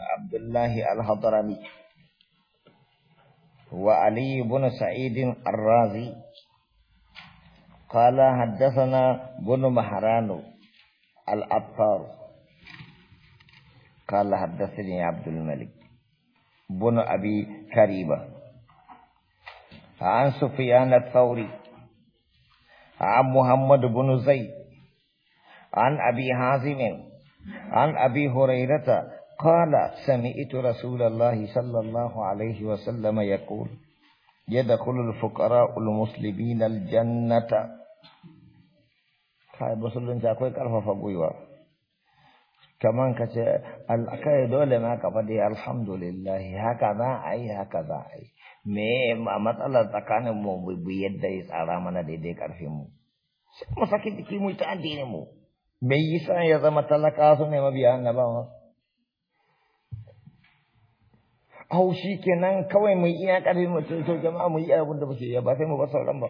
عبد الله الهضرمي وعلي بن سعيد الرازي قال حدثنا بن مهران الأبطار قال حدثني عبد الملك بن أبي كريبة عن سفيان الثوري عن محمد بن زيد عن أبي حازم عن أبي هريرة قال سمعت رسول الله صلى الله عليه وسلم يقول يدخل الفقراء المسلمين الجنة kai akwai karfafa gwiwa kaman ka ce alkai dole ma ka faɗi alhamdulillah haka za a yi haka za a yi me a matsalar tsakanin mu bu yadda ya tsara mana daidai karfin mu sai mu saki jiki mu ta addinin mu me yasa ya zama talaka su ne mabiya annabawa au shi kenan kawai mu iya ƙarfi mu to jama'a mu yi abin da muke yi ba sai mu ba sauran ba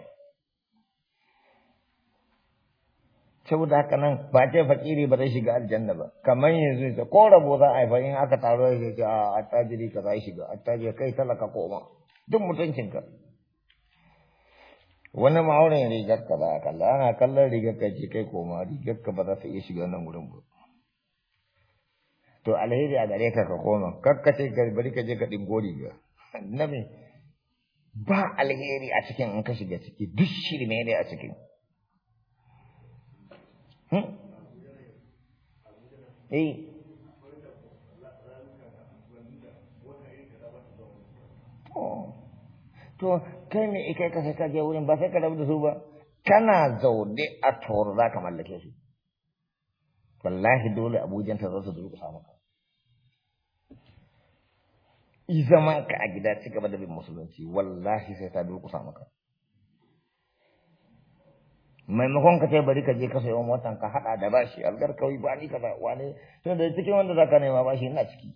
saboda haka nan ba ce fakiri ba zai shiga aljanna ba kamar yanzu ce ko rabo za a yi fa in aka taro ya ce a ah, attajiri ka zai shiga attajiri kai talaka koma duk mutuncin ka. wani ma'aurin rigar ka ba a kalla ana kallon rigar ka ce kai koma rigar ka ba za ta iya shiga nan wurin ba to alheri a gare ka ka koma kar ka bari ka je ka dingo riga na me ba alheri a cikin an ka shiga ciki duk shirme ne a cikin hmm? eh to kai ne ikai ka sai ka je wurin ba sai ka rabu da su ba kana zaune a toro za ka mallake su wallahi dole abujanta ta za su samu ka. i zaman ka a gida ci gaba da bin musulunci wallahi sai ta kusa maka maimakon ka ce bari ka je ka sayo motan ka hada da bashi algar kawai ba ni kaza wane tun da cikin wanda zaka nema bashi ina ciki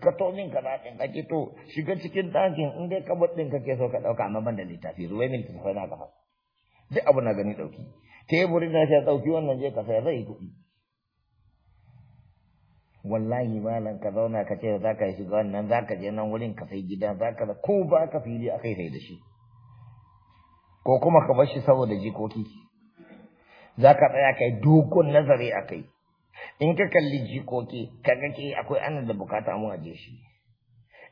ka to min kaza din kake to shiga cikin ɗakin in dai kabad din kake so ka dauka amma ban da littafi ruwai min littafi na gaba duk abu na gani dauki teburin na sai dauki wannan je ka sai zai kuɗi wallahi malam ka zauna ka ce za ka yi shiga wannan za ka je nan wurin ka sai gida za ka da ko ba ka fili a kai sai da shi ko kuma ka bar shi saboda jikoki za ka tsaya kai dogon nazari a kai in ka kalli jikoki ka ga ke akwai ana da bukata mu aje shi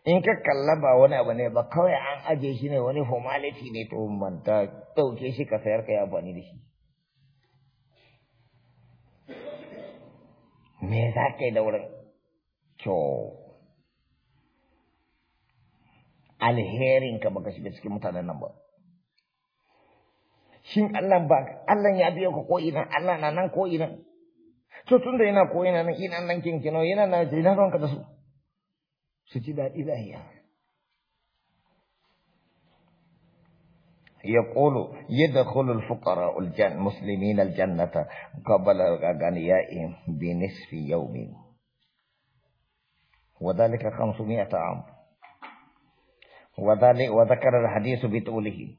in ka kalla ba wani abu ne ba kawai an aje shi ne wani formality ne to manta dauke shi ka sayar ka yi amfani da shi me za ka yi da wurin kyau alherinka baka ba shin Allah ba Allah ya biya ka ko ina Allah na nan ko ina to tun da yana ko ina nan ina nan kinkino yana nan ina ranka da su su ji daɗi lahiya يقول يدخل الفقراء المسلمين الجنة قبل أغنيائهم بنصف يوم وذلك خمسمائة عام وذلك وذكر الحديث بطوله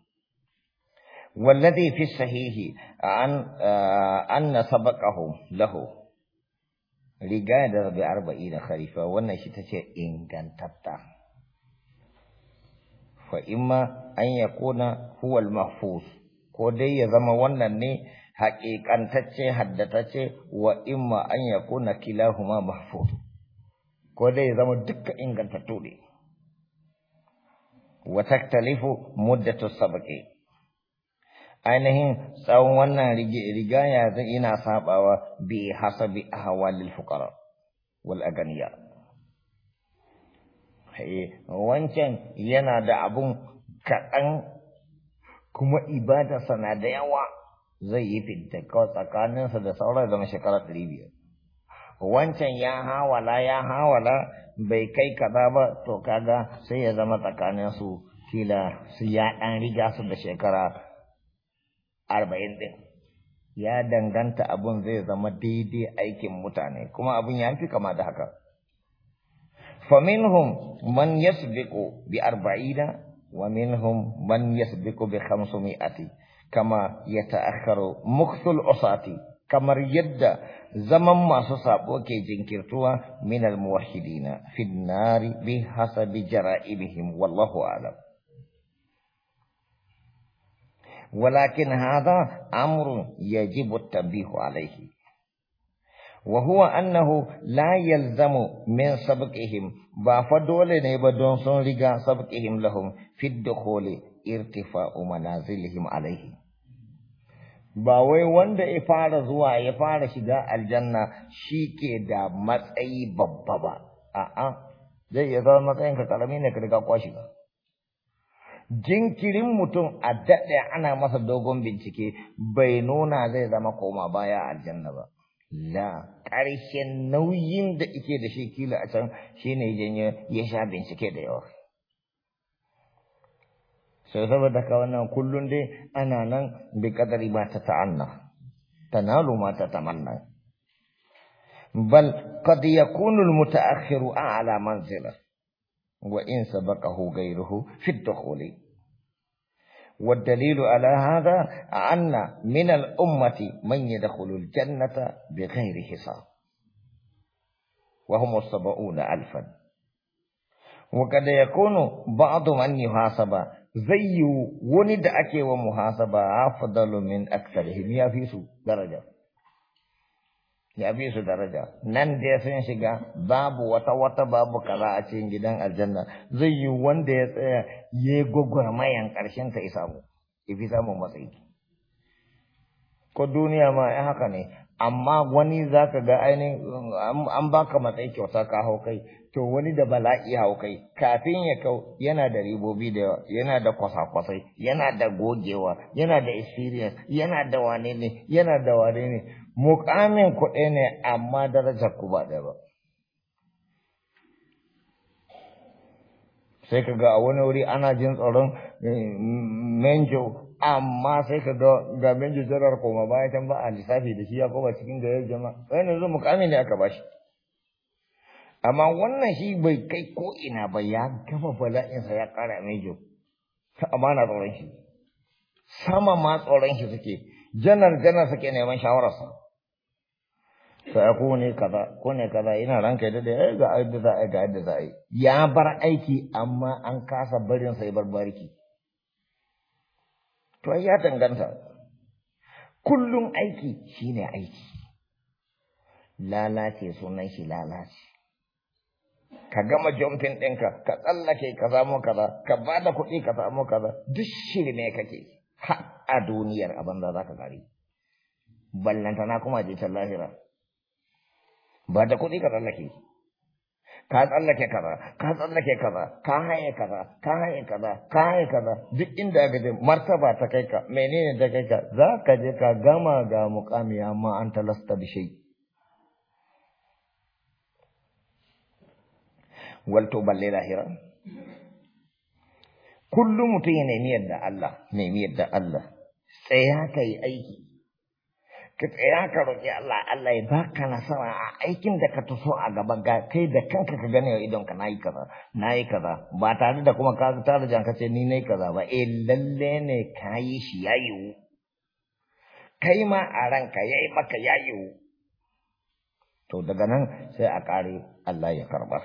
والذي في الصحيح عن آه، أن سبقه له رجال بأربعين خليفة ونشتت إن كان تبتع fa imma an yakuna huwal mahfuz ko dai ya zama wannan ne haƙiƙantacce haddatacce wa imma an yakuna kilahuma mahfuz ko dai ya zama dukkan ingantattu ne wa taktalifu muddatu sabqi ainihin tsawon wannan rigaya ina sabawa bi hasabi ahwalil fuqara wal aganya. Eh, wancan yana da abun kaɗan kuma ibada sana da yawa zai yi fintaka tsakaninsa da sauran zama shekara ɗari biyar wancan ya hawala ya hawala bai kai kaza ba to kaga sai ya zama tsakaninsu kila su ya ɗan riga su da shekara arba'in ɗin ya danganta abun zai zama daidai aikin mutane kuma abun ya fi kama da haka فمنهم من يسبق بأربعين ومنهم من يسبق بخمسمائة كما يتأخر مكث العصاة كما يد زمن ما سصاب وكي جنكرتوا من الموحدين في النار بحسب جرائمهم والله أعلم ولكن هذا أمر يجب التنبيه عليه وهو أنه لا يلزم من سبقهم بافدول نيبدون سن رجا سبقهم لهم في الدخول ارتفاع منازلهم عليه ba wai wanda ya fara zuwa ya fara shiga aljanna shi ke da matsayi babba ba a'a zai iya zama matsayin ka karami ne ka riga kwashi ba jinkirin mutum a daɗe ana masa dogon bincike bai nuna zai zama koma baya aljanna ba la ƙarshen nauyin da ike da shi kila a can shi ne janyo ya sha bincike da yawa sau saboda ka wannan kullum dai ana nan bi kadari ba ta ta'anna tanalu ma ta tamanna bal qad yakunu al-muta'akhiru a'la manzila wa in sabaqahu ghayruhu fi ad-dukhuli والدليل على هذا أن من الأمة من يدخل الجنة بغير حساب وهم السبعون ألفا وقد يكون بعض من يحاسب زي وند أكي ومحاسبة أفضل من أكثرهم يا فيسو درجة ya bi su daraja nan da ya sun shiga babu wata wata babu kaza a cikin gidan aljanna zai yi wanda ya tsaya ya mayan karshen ta isa mu ifi samun matsayi ko duniya ma ya haka ne amma wani za ka ga ainihin an baka matsayi kyauta ka hau kai to wani da bala'i hau kai kafin ya kau yana da ribobi da yana da kwasa-kwasai yana da gogewa yana da experience yana da wane ne yana da wane ne mukamin kuɗi ne amma darajar ku ba ɗaya ba sai ka ga a wani wuri ana jin tsoron eh, menjo amma sai ka ga ga menjo jirar koma baya can ba a lissafi da shi ya koma cikin gayar jama'a wani yanzu mukami ne aka bashi amma wannan shi bai kai ko ina ba ya gama bala'insa ya kara menjo ta amana tsoron shi sama ma tsoron shi suke janar janar suke neman shawararsa sai ne kaza ko ne kaza ina ranka da dai eh, ga yadda za a ga yadda za a ya bar aiki amma an kasa barin sai barbariki to ya danganta kullum aiki shine aiki lalace sunan shi lalace ka gama jumping ɗinka ka tsallake ka samu kaza ka bada da kuɗi ka samu kaza duk ne kake har a duniyar abin da za ka gari ballantana kuma je ta lahira ba da kuɗi ka tsallake ka tsallake kaza ka tsallake kaza ka haye kaza ka haye kaza ka haye kaza duk inda ka je martaba ta kai ka menene ta kai ka za ka je ka gama ga muƙami amma an talasta bishai walto balle lahira kullum mutum ya nemi yadda Allah nemi yadda Allah tsaya ka yi aiki ka tsaya ka roƙi Allah Allah ya baka nasara a aikin da ka taso a gaba ga kai da kanka ka gane idan ka nayi kaza nayi kaza ba tare da kuma ka ta da janka ce ni nayi kaza ba eh lalle ne kayi shi ya yiwu kai ma a ranka yayi eh, maka ya yiwu to daga nan sai a ƙare Allah ya karba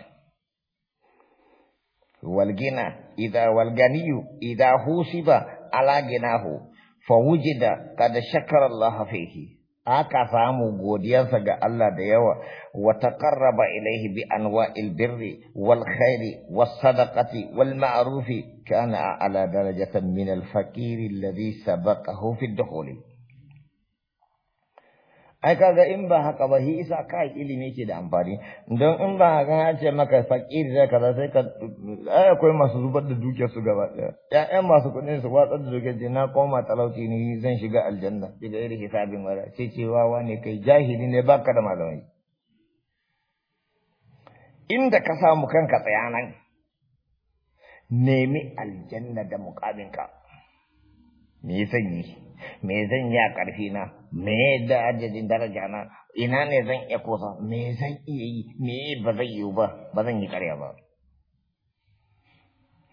walgina idan walganiyu idan husiba ala ginahu wujida kada kada Allah فيه aka samu godiyarsa ga Allah da yawa wa taqarraba ilayhi bi anwa'il birri wal khairi was sadaqati wal ma'rufi kana ala darajatin min al fakiri alladhi sabaqahu fi dukhuli ai kaga in ba haka ba hi isa kai ilimi ke da amfani don in ba haka ya ce maka fakir da kaza sai ka ai akwai masu zubar da dukiyar su gaba daya ƴaƴan masu kuɗin su watsar da dukiyar na koma talauci ne zan shiga aljanna daga irin hisabin mara ce ce wawa ne kai jahili ne baka da malamai inda ka samu kanka tsayanan nemi aljanna da ka me zan yi me zan yi a ƙarfi na me da adadin daraja na ina ne zan iya kosa me zan iya yi me ba zan yi ba ba zan yi ƙarya ba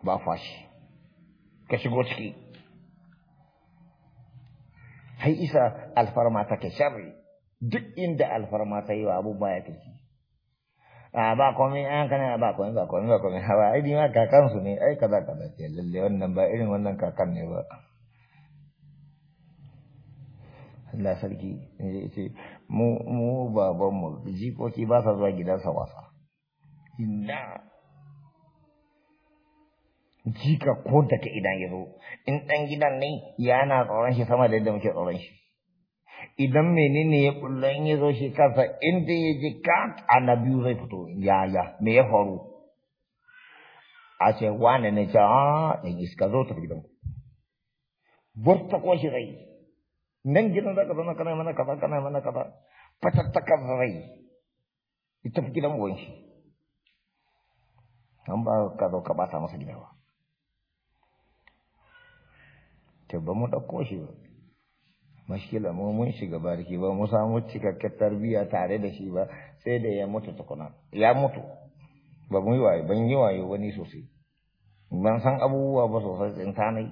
ba fashi ka shigo ciki hai isa alfarma ta ke sharri duk inda alfarma ta yi wa abu baya ta ci a ba komai an kana ba komai ba komai ba komai ba ai ma kakan su ne ai kaza kaza ce lalle wannan ba irin wannan kakan ne ba na sarki ce mu mu baban mu jikoki ba sa zuwa gidansa wasa inna jika ko daga idan ya in dan gidan ne yana tsoron shi sama da yadda muke tsoron shi idan menene ya bullo in ya zo shi kansa inda ya ji ana biyu zai fito yaya me ya faru a ce wane ne ce a ah, ɗan iska zo tafi gidan ku. Wata shi. nan gidan zaka zama kana mana kaza kana mana kaza fatattakan rai ita fi gidan uwan shi an ba ka zo ka bata masa gida ba to ba mu ɗauko shi ba mashkila mu mun shiga bariki ba mu samu cikakken tarbiyya tare da shi ba sai da ya mutu tukuna ya mutu ba mu yi wayo ban yi wayo wani sosai ban san abubuwa ba sosai tsintanai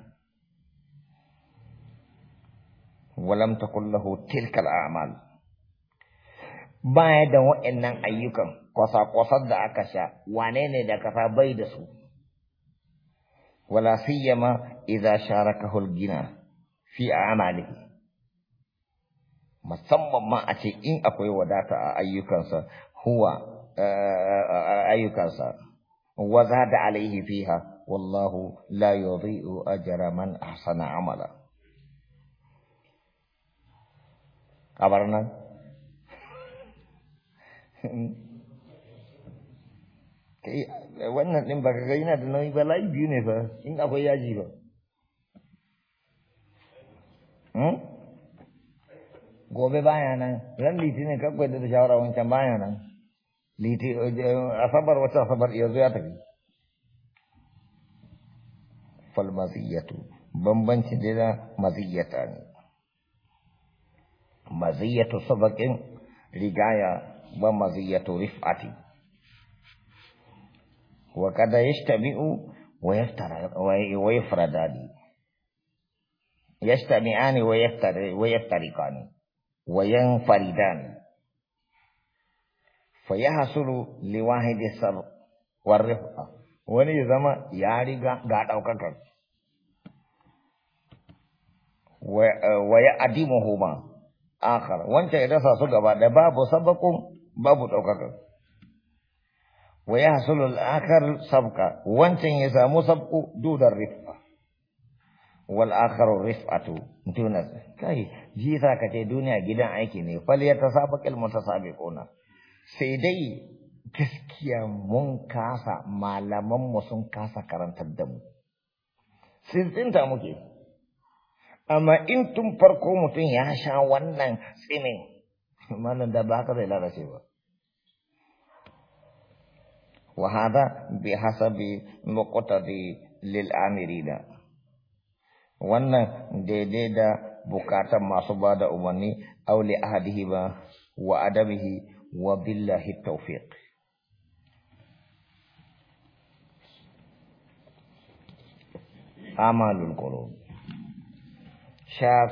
walam kulla lahu tilkal a'mal baya da wa'annan ayyukan kwasa-kwasar da aka sha wane ne da kafa bai da su wala siyama idza sharakahu al-gina fi a'malihi musamman ma a ce in akwai wadata a ayyukansa huwa eh, ayyukansa wa zada alaihi fiha wallahu la yudhi'u ajra man ahsana amala kabar nan kai wannan din baka ga yana da nauyi ba layi ne fa in akwai yaji ba gobe baya na ran ka kakwai da shawara wancan baya nan liti asabar wata asabar yanzu ya tafi falmaziyatu bambanci da maziyata ne مزية سبق رجاية ومزية رفعة وقد يجتمع ويفردان يجتمعان ويفترقان وينفردان فيحصل لواحد السر والرفعة وني زما ياري غاد غا دوكك ويعدمهما akhar wancan ya dasa su gaba da babu sabakun babu daukaka wa ya hasulu al-akhar sabqa wancan ya samu sabku dudar rifa wal akhar rif'atu duna kai ji za ka duniya gidan aiki ne fal ya tasabaqil mutasabiquna sai dai gaskiya mun kasa malaman mu sun kasa karantar da mu sai tsinta muke amma in tun farko mutum ya sha wannan tsinin malam da ba haka zai lalace ba wa hada bi hasabi muqtadi lil amirina wannan daidai da bukatan masu ba da umarni auli ahadihi ba wa adabihi wa billahi tawfiq amalul qulub Chav